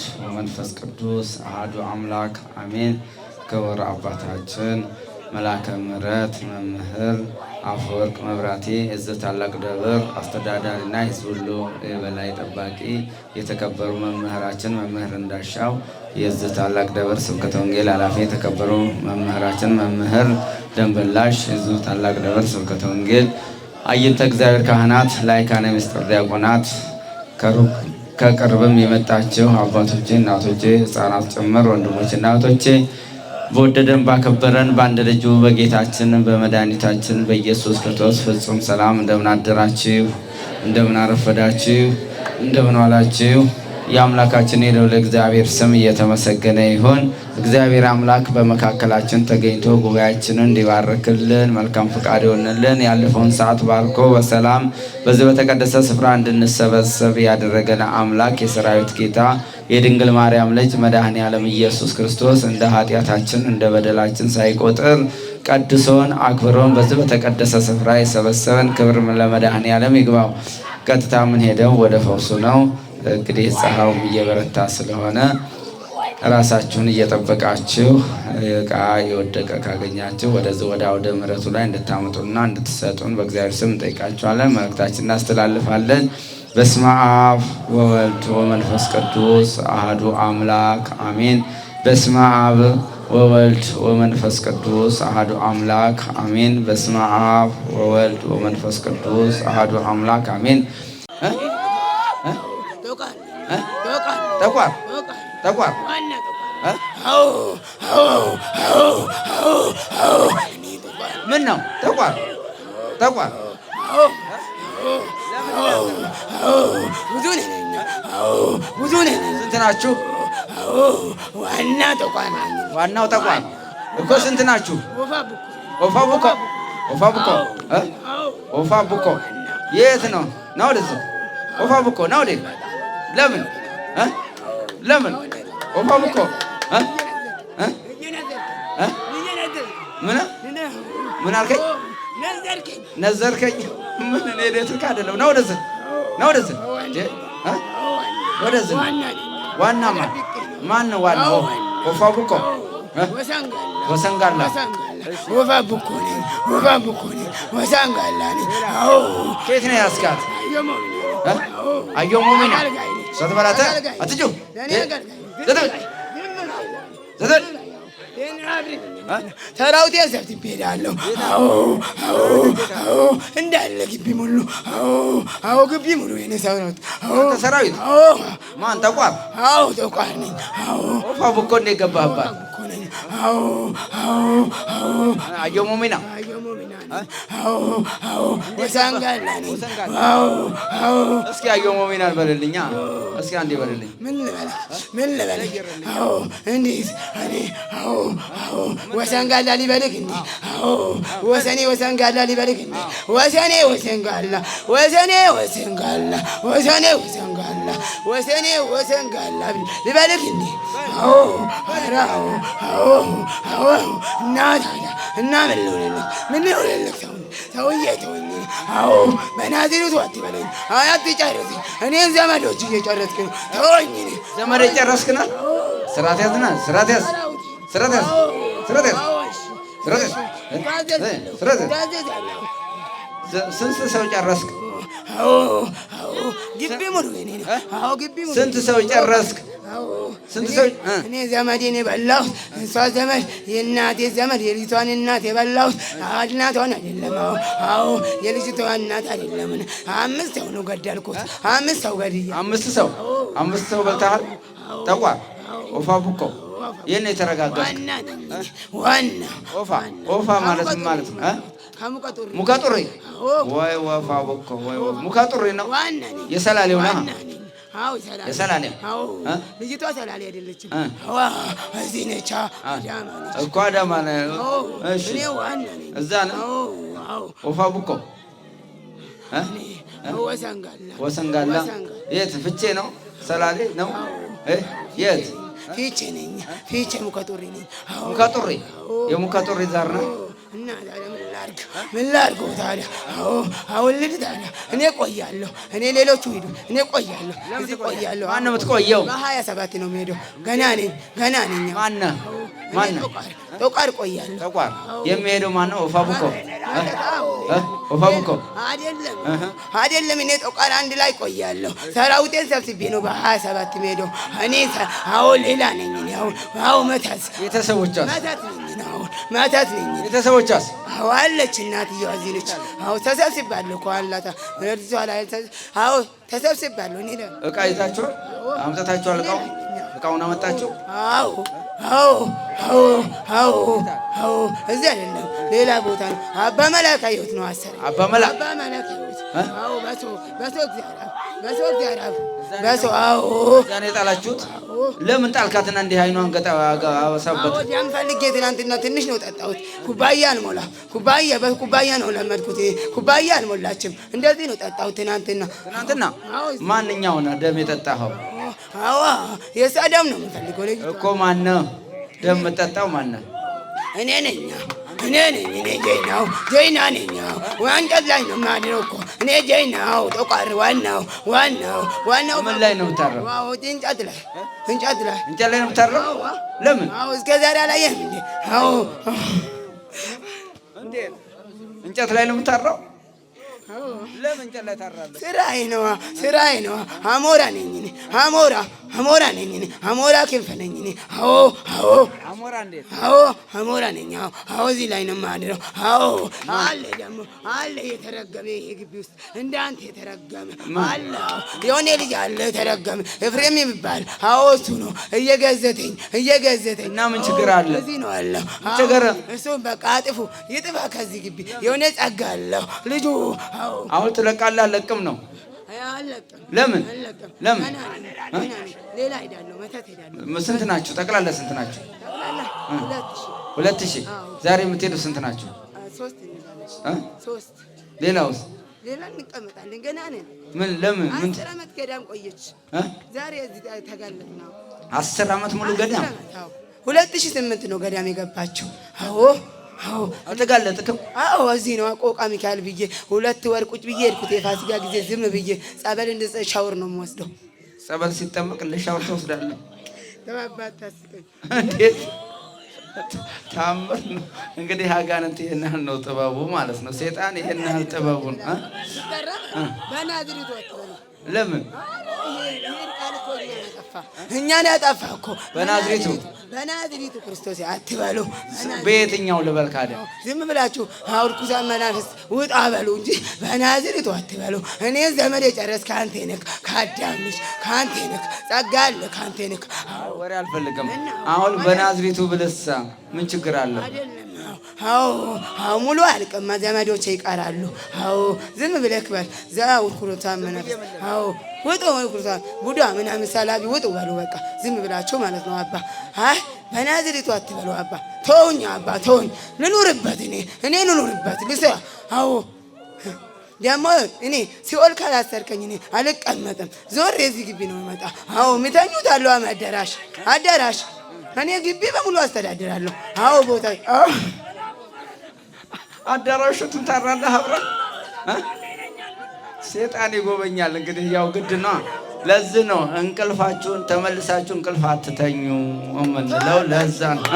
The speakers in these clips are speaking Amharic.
ወወልድ ወመንፈስ ቅዱስ አህዱ አምላክ አሜን። ክቡር አባታችን መላከ ምሕረት መምህር አፈወርቅ መብራቴ እዚህ ታላቅ ደብር አስተዳዳሪና ሕዝብ ሁሉ የበላይ ጠባቂ የተከበሩ መምህራችን መምህር እንዳሻው የዚህ ታላቅ ደብር ስብከተ ወንጌል ኃላፊ የተከበሩ መምህራችን መምህር ደንበላሽ የዚሁ ታላቅ ደብር ስብከተ ወንጌል አይንተ እግዚአብሔር ካህናት፣ ላይካነ ምስጢር ዲያቆናት ከሩቅ ከቅርብም የመጣችሁ አባቶቼ፣ እናቶቼ፣ ህፃናት ጭምር ወንድሞች እናቶቼ በወደደን ባከበረን በአንድ ልጁ በጌታችን በመድኃኒታችን በኢየሱስ ክርስቶስ ፍጹም ሰላም እንደምን አደራችሁ? እንደምን አረፈዳችሁ? እንደምን ዋላችሁ? የአምላካችን የለው ለእግዚአብሔር ስም እየተመሰገነ ይሁን። እግዚአብሔር አምላክ በመካከላችን ተገኝቶ ጉባኤያችንን እንዲባርክልን መልካም ፈቃድ ይሆንልን። ያለፈውን ሰዓት ባርኮ በሰላም በዚህ በተቀደሰ ስፍራ እንድንሰበሰብ ያደረገን አምላክ የሰራዊት ጌታ የድንግል ማርያም ልጅ መድኃኔ ዓለም ኢየሱስ ክርስቶስ እንደ ኃጢአታችን እንደ በደላችን ሳይቆጥር ቀድሶን አክብሮን በዚህ በተቀደሰ ስፍራ የሰበሰበን ክብር ለመድኃኔ ዓለም ይግባው። ቀጥታ ምን ሄደው ወደ ፈውሱ ነው። እንግዲህ ፀሐዩም እየበረታ ስለሆነ ራሳችሁን እየጠበቃችሁ እቃ የወደቀ ካገኛችሁ ወደዚ ወደ አውደ ምረቱ ላይ እንድታመጡና እንድትሰጡን በእግዚአብሔር ስም እንጠይቃችኋለን፣ መልእክታችን እናስተላልፋለን። በስመ አብ ወወልድ ወመንፈስ ቅዱስ አህዱ አምላክ አሜን። በስመ አብ ወወልድ ወመንፈስ ቅዱስ አህዱ አምላክ አሜን። በስመ አብ ወወልድ ወመንፈስ ቅዱስ አህዱ አምላክ አሜን። ጠቋር ጠቋር ምን ነው ጠቋር ጠቋር ብዙ ስንት ናችሁ? ዋና ጠቋር ዋናው ጠቋር እኮ ስንት ናችሁ? ኦፋ ቡኮ ኦፋ ቡኮ ኦፋ ቡኮ የት ነው? ነው ናውል ኦፋ ቡኮ ነው ናውል ለምን ለምን ቆፋም እኮ ምን አልከኝ? ነዘርከኝ። ምን እኔ ትልክ አይደለም። ና ወደዚህ፣ ና ወደዚህ፣ ወደዚህ። ዋና ማን ማን ነው ዋና? ወፋ ቡኮ ወሰንጋላ ወፋ ቡኮ ወፋ ቡኮ ወሰንጋላ። ከየት ነው ያስካት? አየሁ ሞሚና ሰትበላተ አትጩ ተራውቴ ዘብትቤ እሄዳለሁ። እንዳለ ግቢ ሙሉ አዎ፣ ግቢ ሙሉ የእኔ ሰው ነው። ሰራዊት ማን ተቋም? አዎ፣ ተቋም ነኝ። አዎ፣ እኮ እንደ ገባህባት አዎ፣ አዎ፣ አዎ አየሁ ሙሚና ወሰንጋላኔ እስኪ ያየው ሞሜናል በልልኛ እስኪ አንዴ በልልኝ። ምን ልበላ ምን ልበላ? እንዴት እኔ ሊበልክ እንዴ? ወሰኔ ሊበልክ እንዴ? ወሰኔ ወሰኔ ወሰኔ ጋላ ወሰኔ ወሰን ጋላ ልበልህ እንዴ? አዎ፣ ኧረ አዎ፣ አዎ፣ እና ታዲያ እና ምን ልሆንልህ? ምን ልሆንልህ? ሰው ሰውዬ ተወኝ። አዎ፣ በናዝሬቱ አትበለኝ፣ አይ እኔን ዘመዶች እየጨረስክ ነው። ተወኝ። ዘመድ የጨረስክ ነው። ስራት ያዝና፣ ስራት ያዝ፣ ስራት ያዝ፣ ስራት ያዝ፣ ስራት ያዝ፣ ስራት ያዝ ስንት ሰው ጨረስክ? ግቢ ሙሉ ግቢ ሙሉ። ስንት ሰው ጨረስክ? ስንት ሰው እኔ ዘመዴን የበላሁት እሷ ዘመድ የእናቴ ዘመድ የልጅቷን እናት የበላሁት እናቷን አይደለም። አዎ የልጅቷን እናት አይደለም። አምስት ሰው ነው ገደልኩት። አምስት ሰው ገድያ አምስት ሰው አምስት ሰው በልተሃል። ተቋ ኦፋ ቡኮ ይህን የተረጋጋ ዋና ኦፋ ማለት ማለት ነው ሙከጡሪ ወይ ወፋወኮ ወይ ሙከጡሪ ነው የሰላሌው ነው የሰላሌ ልጅቷ ሰላሌ አይደለችም እዚህ ነች እኮ አዳማ እዛ ነው ወፋቡኮ ወሰንጋላ የት ፍቼ ነው ሰላሌ ነው የት ፊቼ ነኝ ፊቼ ሙከጡሪ ነኝ ሙከጡሪ የሙከጡሪ ዛር ነው ላድርግ? ምን ላድርግ? ታዲያ ታዲያ እኔ ቆያለሁ። እኔ ሌሎቹ ሂዱ፣ እኔ ቆያለሁ። እዚህ ቆያለሁ። ማነው የምትቆየው? በሀያ ሰባት ነው የምሄደው። ገና ነኝ፣ ገና ነኝ። ማነው ማነው? ቆያለሁ። የሚሄደው ማነው? ኦፋቡኮ ኦፋቡኮ አይደለም፣ አይደለም። እኔ ጦቃር አንድ ላይ ቆያለሁ። ሰራዊቴን ሰብስቤ ነው በሀያ ሰባት የምሄደው። እኔ አዎ ሌላ ነኝ። አዎ መተት ቤተሰቦቻስ መተት ነኝ። መተት ነኝ ቤተሰቦቻስ አዋለች እናትየዋ እዚህ ነች። አዎ ተሰብስባለሁ እኮ አላት። አዎ ተሰብስባለሁ እኔ እቃ ይዛችኋል አምጥታችኋል እቃው እቃውን አመጣችው? አዎ አዎ አዎ አዎ። እዚህ አይደለም ሌላ ቦታ ነው። አባ መላካ ይሁት ነው አሰረ አባ መላካ አባ መላካ ይሁት። አዎ በሶ በሶ እግዚአብሔር በሶ እግዚአብሔር በሶ አዎ። ዛኔ ጣላችሁት? ለምን ጣልካትና እንዲህ አይኗን ገጣ አሰበት? ያን ፈልጌ ትናንትና ትንሽ ነው ጠጣሁት። ኩባያ አልሞላ ኩባያ በኩባያ ነው ለመድኩት። ኩባያ አልሞላችም። እንደዚህ ነው ጠጣሁት ትናንትና። ትናንትና ማንኛው ነው ደም የጠጣኸው? የእሷ ደም ነው የምፈልገው እኮ። ማነው ደም የምጠጣው? ማነው? እኔ ነኝ እኔ ነኝ እኔ ጀይናው ጀይና ነኝ። ወንጨት ላይ ነው የማድረው እኮ እኔ ጀይናው ጠቋር ዋናው ዋናው ዋናው ምን ላይ ነው የምታረው? እንጨት ላይ እንጨት ላይ እንጨት ላይ ነው የምታረው። ለምን? አዎ እስከ ዛሬ አላየህም እንዴ? አዎ እንዴ እንጨት ላይ ነው የምታረው ለምን ጨለት አራለ? ስራዬ ነዋ፣ ስራዬ ነዋ። አሞራ ነኝ እኔ አሞራ፣ አሞራ ነኝ እኔ አሞራ፣ ክንፍ ነኝ እኔ። አዎ፣ አዎ፣ አሞራ እንዴት? አዎ፣ አሞራ ነኝ። አዎ፣ አዎ፣ እዚህ ላይ ነው የማድረው። አዎ፣ አለ ደግሞ አለ፣ የተረገመ ይሄ ግቢ ውስጥ እንዳንተ የተረገመ አለ። የሆነ ልጅ አለ የተረገመ ኤፍሬም የሚባል አዎ፣ እሱ ነው እየገዘተኝ፣ እየገዘተኝ እና ምን ችግር አለ? እዚህ ነው አለ ችግር። እሱ በቃ አጥፉ፣ ይጥፋ ከዚህ ግቢ። የሆነ ጸጋ አለው ልጁ አሁን ትለቃለህ? አለቅም ነው ለምን ለምን? ስንት ናችሁ ጠቅላላ? ስንት ናችሁ? ሁለት ሺህ ዛሬ የምትሄዱ ስንት ናችሁ? ሌላውስ? ሌላ እንቀመጣለን። ገና ነን። ምን ለምን ምን አስር ገዳም ቆየች። ዛሬ እዚህ ተጋለጥ ነው። አስር አመት ሙሉ ገዳም ሁለት ሺህ ስምንት ነው ገዳም የገባችው። አዎ አልተጋለጥክም? አዎ እዚህ ነው ቆቃ ሚካኤል ብዬ ሁለት ወር ቁጭ ብዬ ሄድኩት። የፋሲካ ጊዜ ዝም ብዬ ጸበል እንደ ሻውር ነው የምወስደው። ጸበል ሲጠመቅ ለሻውር ትወስዳለህ? እንዴት ታምር ነው እንግዲህ። አጋንንት ይህን ያህል ነው ጥበቡ ማለት ነው። ሴጣን ይህን ያህል ጥበቡን ለምን እኛን ያጠፋ እኮ በናዝሬቱ በናዝሪቱ ክርስቶስ አትበሉ። በየትኛው ልበል ካለ ዝም ብላችሁ አውርኩዛ መናፍስ ውጣ በሉ እንጂ በናዝሪቱ አትበሉ። እኔ ዘመድ የጨረስ ከአንቴ ንክ ከአዳምሽ ከአንቴ ንክ ጸጋ አለ ከአንቴ ንክ ወሬ አልፈልግም። አሁን በናዝሪቱ ብልሳ ምን ችግር አለው? አዎ አዎ፣ ሙሉ አልቅማ ዘመዶቼ ይቀራሉ። አዎ ዝም ብለህ ክበር ዛ ውርኩሮታ ምናምን አዎ ውጡ ውርኩሮታ ቡዳ ምናምን ሰላቢ ውጡ በሉ በቃ ዝም ብላችሁ ማለት ነው። አባ አይ በናዝሪቱ አትበሉ አባ ተውኝ፣ አባ ተውኝ፣ ልኑርበት እኔ እኔ ልኑርበት ልስራ። አዎ ደግሞ እኔ ሲኦል ካላሰርከኝ እኔ አልቀመጥም። ዞር የዚህ ግቢ ነው መጣ። አዎ ምተኙት አለው አዳራሽ አዳራሽ እኔ ግቢ በሙሉ አስተዳድራለሁ። አዎ ቦታ አዳራሹ ትንታራለህ አብረን ሴጣን ይጎበኛል። እንግዲህ ያው ግድ ነው። ለዚህ ነው እንቅልፋችሁን ተመልሳችሁ እንቅልፍ አትተኙ የምንለው። ለዛ ነው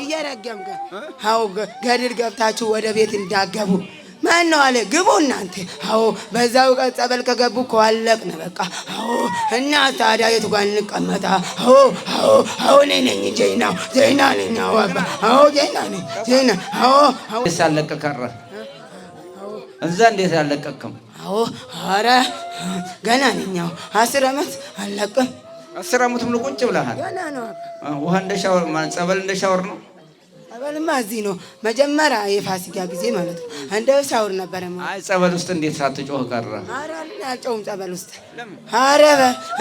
እየረገምከኝ ሀው ገድል ገብታችሁ ወደ ቤት እንዳገቡ ማን ነው አለ። ግቡ እናንተ። አዎ በዛው ቀን ጸበል ከገቡ ከዋለቅን በቃ። አዎ እና ታዲያ የቱ ጋር እንቀመጣ? አዎ አዎ አዎ እኔ ነኝ ጀይና ጀይና ነኝ። አዎ አባ አዎ ጀይና ነኝ ጀይና አዎ አዎ ሳለቀ ቀረ እዛ እንዴት አለቀቅም? አዎ አረ ገና ነኝ። አዎ አስር ዓመት አለቅም። አስር ዓመት ሙሉ ቁጭ ብለሃል። ገና ነው ውሃ እንደሻወር ሻወር ጸበል እንደሻወር ነው ጸበልማ እዚህ ነው። መጀመሪያ የፋሲካ ጊዜ ማለት ነው። እንደ ሳውር ነበረ። አይ ጸበል ውስጥ እንዴት ሳትጮህ ቀረ? ኧረ አልጮህም ጸበል ውስጥ። ኧረ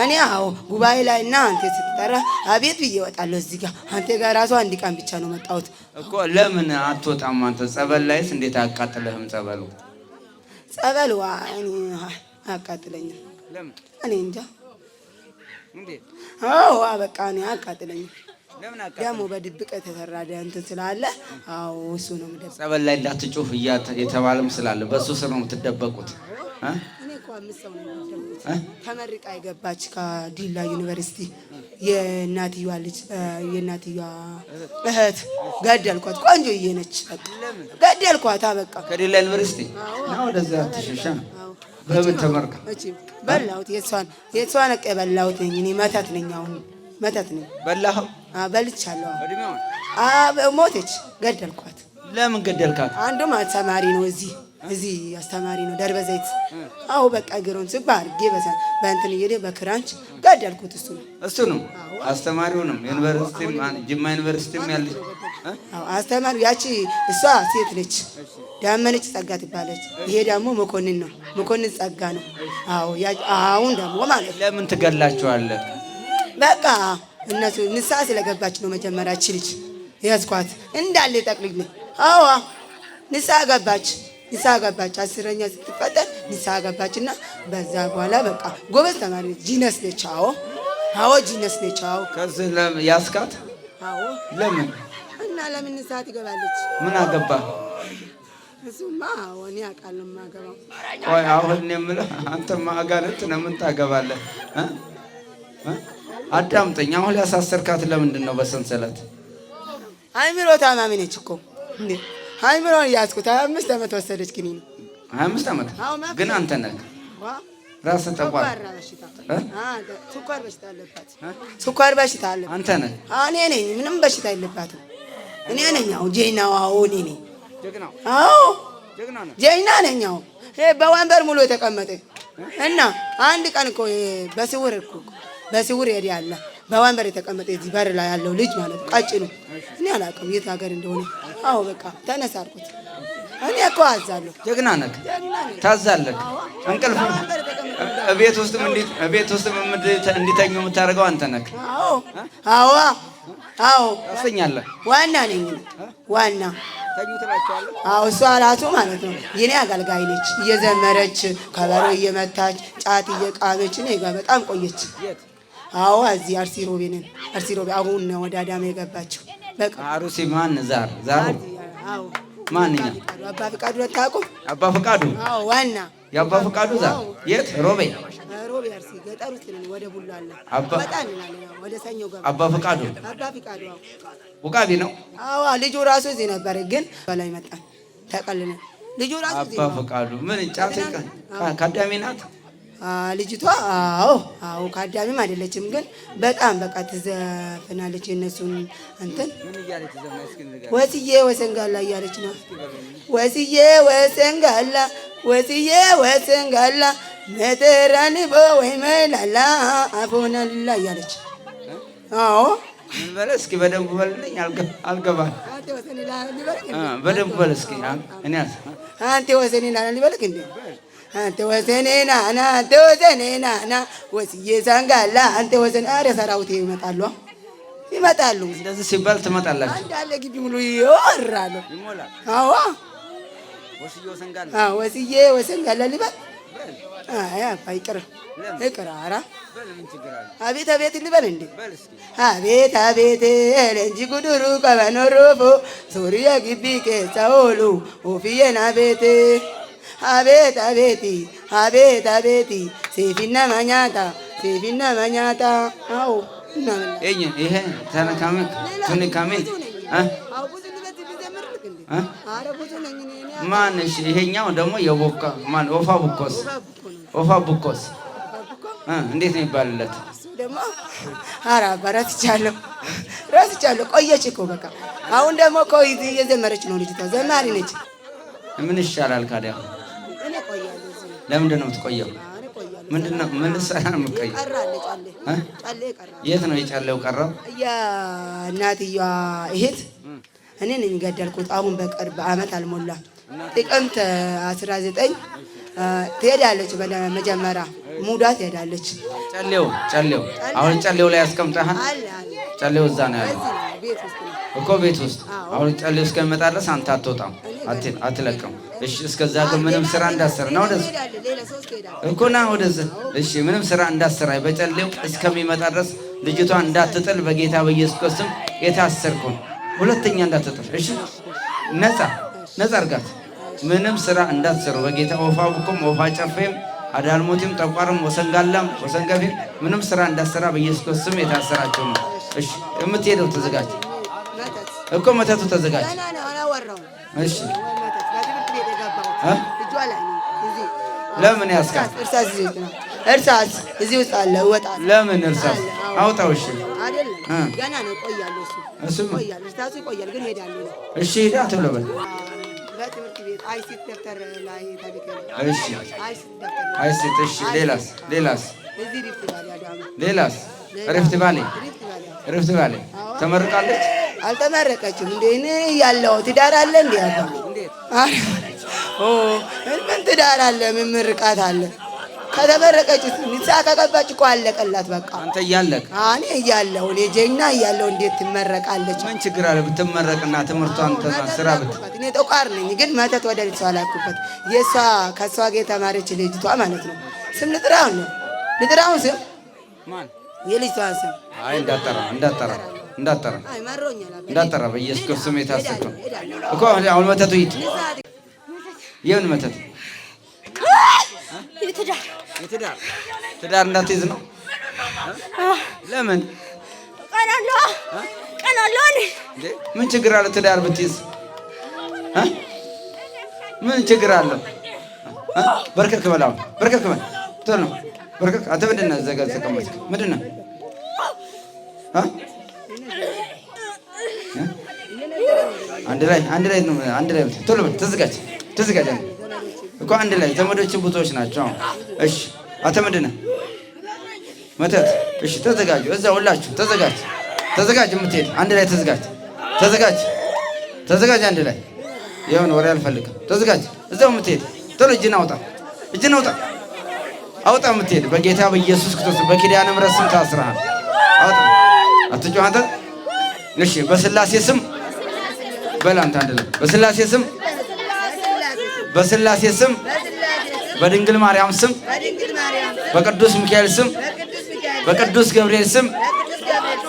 እኔ አዎ ጉባኤ ላይ እና አንተ ስትጠራ አቤት ብዬ እወጣለሁ። እዚህ ጋር አንተ ጋር ራሱ አንድ ቀን ብቻ ነው መጣሁት እኮ። ለምን አትወጣም አንተ? ጸበል ላይስ እንዴት አያቃጥልህም? ጸበሉ ጸበሉ አያቃጥለኝም። እኔ እንጃ። አዎ በቃ እኔ አያቃጥለኝም ደግሞ በድብቅ የተሰራ እንትን ስላለ፣ አዎ እሱ ነው። ጸበል ላይ እንዳትጩፍ የተባለም ስላለ በእሱ ስር ነው የምትደበቁት። እኔ እኮ አምስት ሰው ነው ተመርቃ የገባች ከዲላ ዩኒቨርሲቲ የእናትየዋ ልጅ የእናትየዋ እህት ገደልኳት። ቆንጆ እየነች ገደልኳት። አበቃ ከዲላ ዩኒቨርሲቲ ወደዚያ ትሸሻ በምን ተመርቃ በላሁት። የእሷን የእሷን እቅ የበላሁት እኔ መተት ነኝ አሁን መተት ነው በላኸው? በልቻለሁ። ሞተች፣ ገደልኳት። ለምን ገደልካት? አንዱም አስተማሪ ነው እዚህ እዚህ አስተማሪ ነው ደርበ ዘይት። አዎ በቃ ግሮን ዝባር ጌበሳ በእንትን እየደ በክራንች ገደልኩት። እሱ ነው እሱ ነው አስተማሪውንም ዩኒቨርሲቲም ጅማ ዩኒቨርሲቲም ያለች አዎ አስተማሪ ያቺ እሷ ሴት ነች። ዳመነች ጸጋ ትባለች። ይሄ ደግሞ መኮንን ነው መኮንን ጸጋ ነው። አዎ አሁን ደግሞ ማለት ለምን ትገላቸዋለህ? በቃ እነሱ ንስሐ ስለገባች ነው መጀመሪያ እች ልጅ ያዝኳት እንዳለ ጠቅልኝ። አዋ ንስሐ ገባች፣ ንስሐ ገባች። አስረኛ ስትፈጠር ንስሐ ገባች እና በዛ በኋላ በቃ ጎበዝ ተማሪ ነች። ጂነስ ነች። አዎ አዎ ጂነስ ነች። አዎ ከዚህ ያስካት። አዎ ለምን እና ለምን ንስሐ ትገባለች? ምን አገባ እሱማ እኔ አውቃለሁ የማገባው። አሁን የምልህ አንተማ አጋንንት ነው ምን ታገባለህ? አዳምጠኝ። አሁን ያሳሰርካት ለምንድን ነው በሰንሰለት? አይምሮ ታማሚ ነች እኮ አይምሮን እያስኩት ሀያ አምስት ዓመት ወሰደች። ግን ሀያ አምስት ዓመት ግን አንተ ነህ ራስህ ጠቋር ስኳር በሽታ አለባት። አንተ ነህ እኔ ነኝ። ምንም በሽታ የለባትም። እኔ ነኝ። አዎ ጀግናው። አዎ እኔ ነኝ። አዎ ጀግና ነኝ። አዎ በወንበር ሙሉ የተቀመጠ እና አንድ ቀን እኮ በስውር እኮ በስውር ያለ በወንበር የተቀመጠ እዚህ በር ላይ ያለው ልጅ ማለት ቀጭኑ እኔ አላውቅም የት ሀገር እንደሆነ። አዎ በቃ ተነሳ እኔ እኮ አዛለሁ። ጀግና ነህ፣ ታዛለህ። እንቅልፍ ቤት ውስጥ ቤት ውስጥም እንዲተኙ የምታደርገው አንተ ነህ። አዎ አዎ አዎ፣ ዋና ነኝ ዋና አዎ እሷ አራቱ ማለት ነው። የኔ አገልጋይ ነች። እየዘመረች ከበሮ እየመታች ጫት እየቃመች እኔ ጋ በጣም ቆየች። አዎ እዚህ አርሲ ሮቤንን አርሲ ሮቤ አሁን ነው ወደ አዳማ የገባችው። በቃ አሩሲ ማን ዛር ዛሩ ማንኛ አባ ፍቃዱ አታውቁም? አባ ፍቃዱ አዎ፣ ዋና የአባ ፍቃዱ ዛር የት ሮቤ ሮቤ አርሲ ገጠር ውስጥ ነን። ወደ ቡላ አለ አባ ነው ወደ ሰኞ ገባ አባ ፍቃዱ አባ ፍቃዱ አዎ፣ ውቃቢ ነው አዎ። ልጁ ራሱ እዚህ ነበር፣ ግን በላይ መጣ ተቀልነ ልጁ ራሱ እዚህ አባ ፍቃዱ ምን ጫት ካዳሚ ናት ልጅቷ አዎ አዎ ከአዳሚም አይደለችም፣ ግን በጣም በቃ ትዘፍናለች። የእነሱን እንትን ወስዬ ወሰንጋላ እያለች ነው። ወስዬ ወሰንጋላ ወስዬ ወሰንጋላ መተራንቦ ወይ መላላ አፎናላ እያለች አዎ። ምን በለ እስኪ በደንብ በልልኝ፣ አልገባል። በደንብ በለ እስኪ አንቴ ወሰኔ ላላ ሊበልክ እንዴ አንተ ወሰኔ ናና አንተ ወሰኔ ናና ወስዬ ሰንጋላ አንተ ወሰኔ። ኧረ ሰራዊት ይመጣሉ ይመጣሉ። እንደዚህ ሲባል ትመጣላችሁ እንዳለ ግቢ ሙሉ ይወራሉ። አዎ ወስዬ ወሰንጋላ ልበል። ይቅር ይቅር። ኧረ አቤት አቤት ልበል እንዴ አቤት አቤት ለእንጂ ጉድሩ ቀበኖሮፎ ሶሪያ ግቢ ቄሳሆሉ ኦፍየና ቤት አቤት አቤቲ አቤት አቤቲ ሴፊና ማኛታ ሴፊና ማኛታ አው ይሄ ይሄ ተነካመ ተነካመ ማን እሺ፣ ይሄኛው ደግሞ የቦካ ማን ወፋ ቡኮስ ወፋ ቡኮስ እንዴት ነው ይባልለት? ደግሞ ኧረ አባ ረስቻለሁ፣ ረስቻለሁ። ቆየች እኮ በቃ። አሁን ደግሞ እኮ እየዘመረች ነው ልጅቷ፣ ዘማሪ ነች። ምን ይሻላል ካዲያ? ለምንድን ነው የምትቆየው? ምንድን ነው ምን ልትሰራ ነው የምትቆየው? የት ነው የጫለው ቀረው? የእናትየዋ እህት እኔ ነኝ ገደልኩት። አሁን በቅርብ አመት አልሞላ ጥቅምት 19 ትሄዳለች። መጀመሪያ ሙዳ ትሄዳለች። ጨሌው ጨሌው አሁን ጨሌው ላይ ያስቀምጠሃል። ጨሌው እዛ ነው ያለው። እኮ ቤት ውስጥ አሁን ጸልዩ እስከሚመጣ ድረስ አንተ አትወጣም፣ አትለቅም። እሺ፣ እስከዛ ግን ምንም ስራ እንዳሰራ ነው ወደዚህ እኮ ና ወደዚህ። እሺ፣ ምንም ስራ እንዳሰራ በጸልዩ እስከሚመጣ ድረስ ልጅቷ እንዳትጥል በጌታ በኢየሱስ ክርስቶስ የታሰርኩን ሁለተኛ እንዳትጥል። እሺ፣ ነፃ ነፃ እርጋት። ምንም ስራ እንዳትሰሩ በጌታ ወፋ ቡኩም ወፋ ጨፌም አዳልሞቲም ጠቋርም ወሰንጋላም ወሰንገፊም ምንም ስራ እንዳሰራ በኢየሱስ ክርስቶስ የታሰራቸው ነው። እሺ፣ የምትሄደው ተዘጋጅ እኮ መተቱ ተዘጋጅ። እሺ ለምን ያስቃል? እርሳስ እዚህ ውስጥ አለ። ለምን እርሳስ አውጣው። እሺ አይደለም ገና ነው፣ እቆያለሁ። እሱ እቆያለሁ፣ ግን ሄዳለሁ። እሺ ሌላስ ሌላስ ሪፍት ቫሌ ሪፍት ቫሌ ተመርቃለች። አልተመረቀችም። እንደ እኔ ያለው ትዳር አለ እንዴ? ያለው ምን ትዳር አለ? ምን ምርቃት አለ? ከተመረቀች ንስሓ ከገባች እኮ አለቀላት። በቃ አንተ እያለክ እኔ እያለሁ እኔ ጀግና እያለሁ እንዴት ትመረቃለች? ምን ችግር አለ ብትመረቅና ትምህርቷን ስራ ብት እኔ ጠቋር ነኝ፣ ግን መተት ወደ ልጅ አላኩበት። የእሷ ከእሷ ጋር የተማረች ልጅቷ ማለት ነው። ስም ልጥራውን ነው ልጥራውን ስም ማን የልጅቷን ስም አይ እንዳጠራ እንዳጠራ እንዳጠራ እንዳጠራ በኢየሱስ ክርስቶስ የታሰረው እኮ አሁን መተቱ ሂድ። የምን መተት? የትዳር ትዳር እንዳትይዝ ነው። ለምን ቀናሎ ቀናሎ ምን ችግር አለው? ትዳር ብትይዝ ምን ችግር አለው? በርከክ በላው በርከክ በል ቶሎ በርከክ አንተ ምንድን ነህ? እዛ ተቀመጥ። ተቀመጥክ ምንድን ነህ? አንድ ላይ አንድ ላይ ነው። አንድ ላይ ቶሎ በል ተዘጋጅ፣ ተዘጋጅ እኮ አንድ ላይ ዘመዶች ብዙዎች ናቸው። እሺ አንተ ምንድን ነህ? መተት። እሺ ተዘጋጁ፣ እዛ ሁላችሁ ተዘጋጅ፣ ተዘጋጅ፣ የምትሄድ አንድ ላይ ተዘጋጅ፣ ተዘጋጅ፣ ተዘጋጅ፣ አንድ ላይ የሆነ ወሬ አልፈልግም። ተዘጋጅ፣ እዛው የምትሄድ ቶሎ እጅን አውጣ፣ እጅን አውጣ አውጣ የምትሄድ በጌታ በኢየሱስ ክርስቶስ በኪዳነ ምሕረት ስም ታስረሃል። አውጣ አትጮህ አንተ። እሺ በስላሴ ስም በላንታ አንደለ በስላሴ ስም በስላሴ ስም በድንግል ማርያም ስም በቅዱስ ሚካኤል ስም በቅዱስ ገብርኤል ስም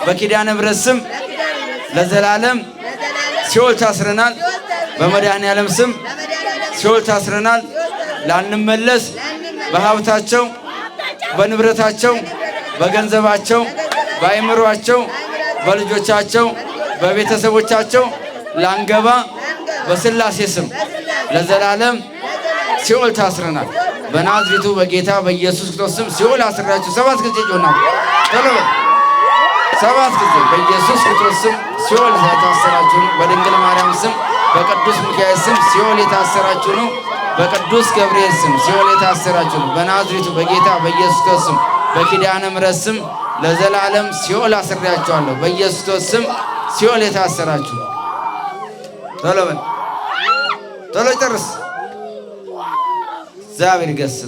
በኪዳነ ምሕረት ስም ለዘላለም ሲኦል ታስረናል። በመድኃኔ ዓለም ስም ሲኦል ታስረናል። ላንመለስ በሀብታቸው፣ በንብረታቸው፣ በገንዘባቸው፣ በአእምሯቸው፣ በልጆቻቸው፣ በቤተሰቦቻቸው ላንገባ በስላሴ ስም ለዘላለም ሲኦል ታስረናል። በናዝሬቱ በጌታ በኢየሱስ ክርስቶስ ስም ሲኦል አስራችሁ ሰባት ጊዜ ጮና ቶሎ ሰባት ጊዜ በኢየሱስ ክርስቶስ ስም ሲኦል የታሰራችሁ ነው። በድንግል ማርያም ስም በቅዱስ ሚካኤል ስም ሲኦል የታሰራችሁ ነው። በቅዱስ ገብርኤል ስም ሲኦል የታሰራችሁ በናዝሬቱ በጌታ በኢየሱስ ክርስቶስ ስም በኪዳነ ምሕረት ስም ለዘላለም ሲኦል አስሬያችኋለሁ። በኢየሱስ ክርስቶስ ስም ሲኦል የታሰራችሁ ቶሎ በል ቶሎ ጨርስ። እግዚአብሔር ይገስጽ።